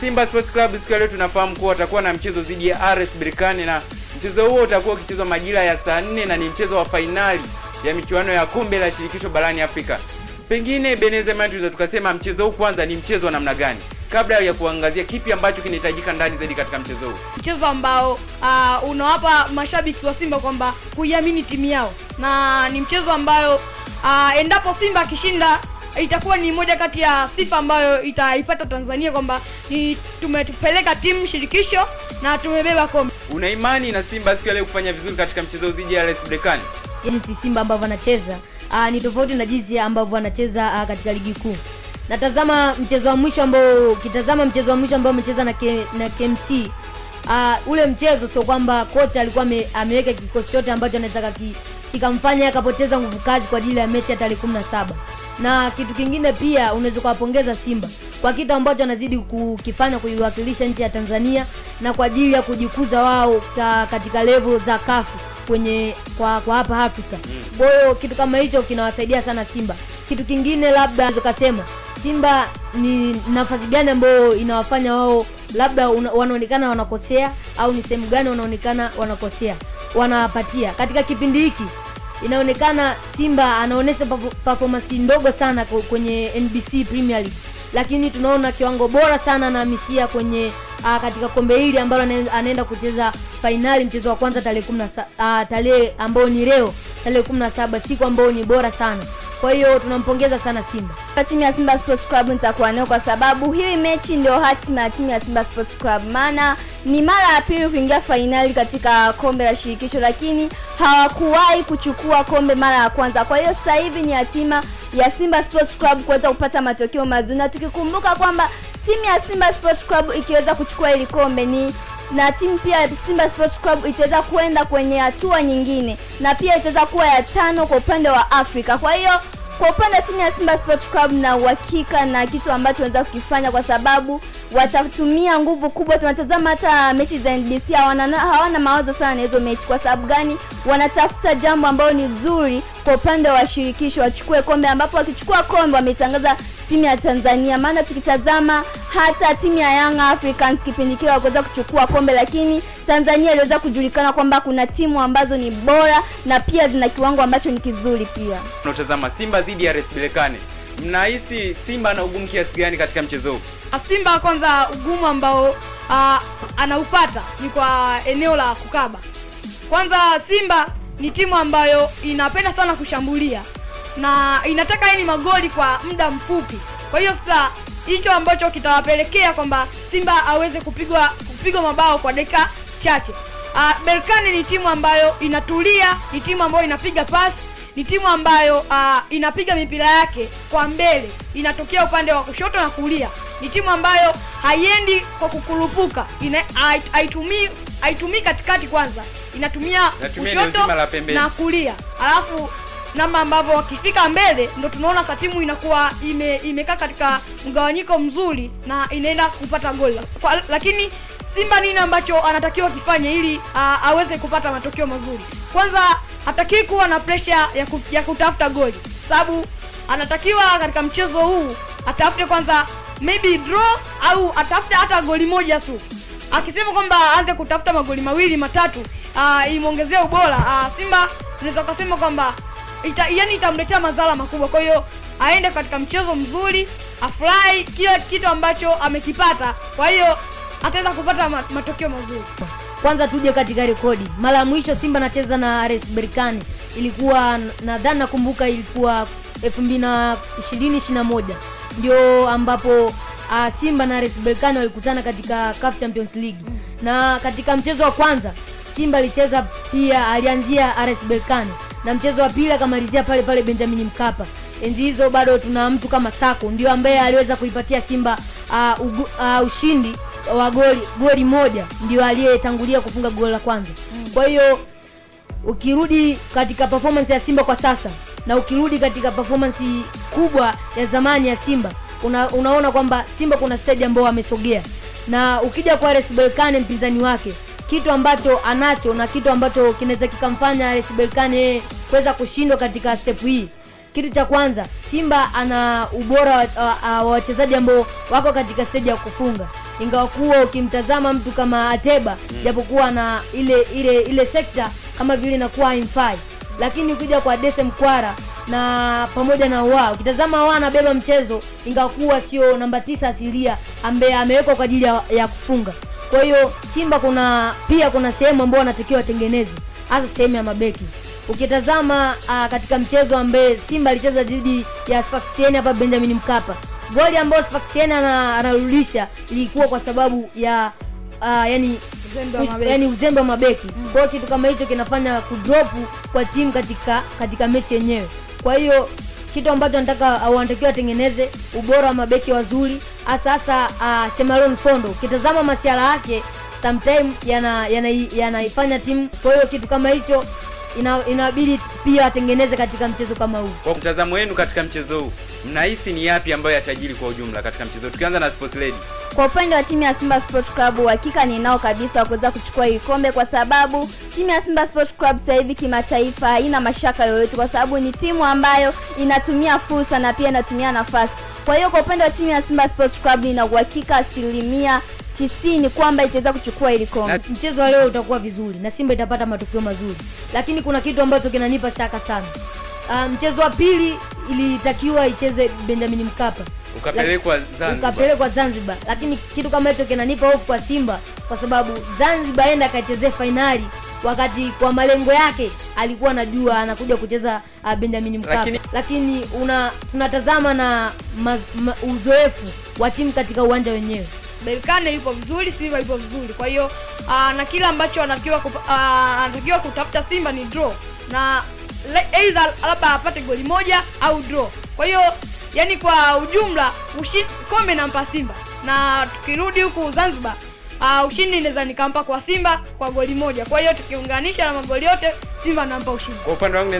Simba Sports Club siku ya leo tunafahamu kuwa watakuwa na mchezo dhidi ya RS Berkane na mchezo huo utakuwa ukichezwa majira ya saa nne na ni mchezo wa fainali ya michuano ya kombe la shirikisho barani Afrika. Pengine Benezema, tunaweza tukasema mchezo huu kwanza ni mchezo wa namna gani, kabla ya kuangazia kipi ambacho kinahitajika ndani zaidi katika mchezo huu, mchezo ambao uh, unawapa mashabiki wa Simba kwamba kuiamini timu yao, na ni mchezo ambayo uh, endapo Simba akishinda Eh, itakuwa ni moja kati ya sifa ambayo itaipata Tanzania kwamba tumepeleka timu shirikisho na tumebeba kombe. Una imani na Simba siku ile kufanya vizuri katika mchezo dhidi ya RS Berkane? Jinsi Simba ambavyo anacheza ah, ni tofauti na jinsi ambavyo anacheza ah, katika ligi kuu. Natazama mchezo wa mwisho ambao kitazama mchezo wa mwisho ambao amecheza na, K, na KMC Uh, ah, ule mchezo sio kwamba kocha alikuwa me, ameweka kikosi chote ambacho anaweza kikamfanya akapoteza nguvu kazi kwa ajili ya mechi ya tarehe 17 na kitu kingine pia unaweza kuwapongeza Simba kwa kitu ambacho anazidi kukifanya kuiwakilisha nchi ya Tanzania na kwa ajili ya kujikuza wao katika level za kafu kwenye kwa, kwa hapa Afrika. Kwa hiyo kitu kama hicho kinawasaidia sana Simba. Kitu kingine labda unaweza kusema Simba ni nafasi gani ambayo inawafanya wao labda wanaonekana wanakosea au ni sehemu gani wanaonekana wanakosea wanawapatia katika kipindi hiki inaonekana Simba anaonyesha performance ndogo sana kwenye NBC Premier League, lakini tunaona kiwango bora sana anahamishia kwenye uh, katika kombe hili ambalo anaenda kucheza fainali, mchezo wa kwanza tarehe uh, tarehe ambayo ni leo tarehe 17, siku ambayo ni bora sana. Kwa hiyo tunampongeza sana Simba. Timu ya Simba Sports Club nitakuwa nayo kwa sababu hii mechi ndio hatima ya timu ya Simba Sports Club, maana ni mara ya pili kuingia fainali katika kombe la shirikisho, lakini hawakuwahi kuchukua kombe mara ya kwanza. Kwa hiyo sasa hivi ni hatima ya Simba Sports Club kuweza kupata matokeo mazuri, na tukikumbuka kwamba timu ya Simba Sports Club ikiweza kuchukua hili kombe ni na timu pia ya Simba Sports Club itaweza kwenda kwenye hatua nyingine, na pia itaweza kuwa ya tano kwa upande wa Afrika. Kwa hiyo kwa upande wa timu ya Simba Sports Club, na uhakika na kitu ambacho wanaweza kukifanya, kwa sababu watatumia nguvu kubwa. Tunatazama hata mechi za NBC, hawana hawana mawazo sana na hizo mechi. Kwa sababu gani? Wanatafuta jambo ambalo ni zuri kwa upande wa shirikisho, wachukue kombe, ambapo wakichukua kombe wametangaza timu ya Tanzania, maana tukitazama hata timu ya Young Africans kipindi kile wakuweza kuchukua kombe, lakini Tanzania iliweza kujulikana kwamba kuna timu ambazo ni bora na pia zina kiwango ambacho ni kizuri. Pia tunatazama Simba dhidi ya RS Berkane, mnahisi Simba ana ugumu kiasi gani katika mchezo huu? Ah, Simba kwanza, ugumu ambao uh, anaupata ni kwa eneo la kukaba. Kwanza Simba ni timu ambayo inapenda sana kushambulia na inataka yani magoli kwa muda mfupi. Kwa hiyo sasa hicho ambacho kitawapelekea kwamba Simba aweze kupigwa kupigwa mabao kwa dakika chache. Uh, Berkane ni timu ambayo inatulia, ni timu ambayo inapiga pasi, ni timu ambayo uh, inapiga mipira yake kwa mbele, inatokea upande wa kushoto na kulia. Ni timu ambayo haiendi kwa kukurupuka, haitumii haitumii katikati kwanza, inatumia kushoto na kulia, alafu namna ambavyo wakifika mbele ndo tunaona sa timu inakuwa imekaa ime, katika mgawanyiko mzuri na inaenda kupata goli, lakini Simba nini ambacho anatakiwa kifanye ili a, aweze kupata matokeo mazuri? Kwanza hataki kuwa na presha ya, ku, ya kutafuta goli, sababu anatakiwa katika mchezo huu atafute kwanza maybe draw au atafute hata goli moja tu. Akisema kwamba aanze kutafuta magoli mawili matatu, imwongezea ubora a, Simba tunaweza kusema kwamba ita, yani itamletea madhara makubwa. Kwa hiyo aende katika mchezo mzuri, afurahi kila kitu ambacho amekipata, kwa hiyo ataweza kupata matokeo mazuri. Kwanza tuje katika rekodi, mara ya mwisho Simba anacheza na RS Berkane ilikuwa nadhani, nakumbuka ilikuwa 2020-2021 ndio ambapo uh, Simba na RS Berkane walikutana katika CAF Champions League mm. na katika mchezo wa kwanza Simba alicheza pia, alianzia RS Berkane na mchezo wa pili akamalizia pale pale Benjamin Mkapa. Enzi hizo bado tuna mtu kama Sako ndio ambaye aliweza kuipatia Simba uh, ugu, uh, ushindi wa goli goli moja, ndio aliyetangulia kufunga goli la kwanza. Mm. Kwa hiyo ukirudi katika performance ya Simba kwa sasa na ukirudi katika performance kubwa ya zamani ya Simba una, unaona kwamba Simba kuna stage ambayo amesogea, na ukija kwa RS Berkane mpinzani wake kitu ambacho anacho na kitu ambacho kinaweza kikamfanya RS Berkane yeye kuweza kushindwa katika step hii. Kitu cha kwanza, Simba ana ubora wa wachezaji ambao wako katika stage ya kufunga, ingawa kuwa ukimtazama mtu kama Ateba mm. japokuwa na ile ile ile sekta kama vile inakuwa haimfai, lakini ukija kwa Dese Mkwara na pamoja na wa ukitazama wa anabeba mchezo, ingawa kuwa sio namba tisa asilia ambaye amewekwa kwa ajili ya, ya kufunga kwa hiyo Simba kuna pia kuna sehemu ambayo wanatakiwa watengeneze, hasa sehemu ya mabeki. Ukitazama uh, katika mchezo ambaye Simba alicheza dhidi ya Sfaxieni hapa Benjamin Mkapa, goli ambayo Sfaxieni anarudisha ilikuwa kwa sababu ya uh, yani yaani uzembe wa mabeki mm. Kwa hiyo kitu kama hicho kinafanya kudropu kwa timu katika katika mechi yenyewe, kwa hiyo kitu ambacho nataka uh, wanatakiwa watengeneze ubora wa mabeki wazuri, hasahasa uh, Shemaron Fondo. Ukitazama masiala yake sometime yanaifanya yana, yana timu. Kwa hiyo kitu kama hicho inabidi pia atengeneze katika mchezo kama huu. Kwa mtazamo wenu katika mchezo huu mnahisi ni yapi ambayo yatajiri kwa ujumla katika mchezo? Tukianza na Sports Lady. Kwa upande wa timu ya Simba Sport Club, ni ninao kabisa kuweza kuchukua hili kombe, kwa sababu timu ya Simba Sport Club sasa hivi kimataifa haina mashaka yoyote, kwa sababu ni timu ambayo inatumia fursa na pia inatumia nafasi. Kwa hiyo kwa upande wa timu ya Simba Sport Club nina uhakika asilimia tisini kwamba itaweza kuchukua ile kombe. Mchezo wa leo utakuwa vizuri na Simba itapata matokeo mazuri, lakini kuna kitu ambacho kinanipa shaka sana. Uh, mchezo wa pili ilitakiwa icheze Benjamin Mkapa ukapelekwa Zanzibar. Ukapelekwa Zanzibar, lakini kitu kama hicho kinanipa hofu kwa Simba kwa sababu Zanzibar enda akachezea fainali wakati kwa malengo yake alikuwa anajua anakuja kucheza uh, Benjamin Mkapa lakini, lakini una tunatazama na ma, ma, uzoefu wa timu katika uwanja wenyewe. Berkane yupo vizuri, Simba yupo vizuri, kwa hiyo uh, na kile ambacho anatakiwa uh, anatakiwa kutafuta Simba ni draw na aidha labda apate goli moja au draw. Kwa hiyo yani, kwa ujumla ushindi kombe nampa Simba, na tukirudi huku Zanzibar Uh, ushindi naweza nikampa kwa Simba kwa goli moja. Kwa hiyo tukiunganisha na magoli yote Simba nampa ushindi. Kwa upande wangu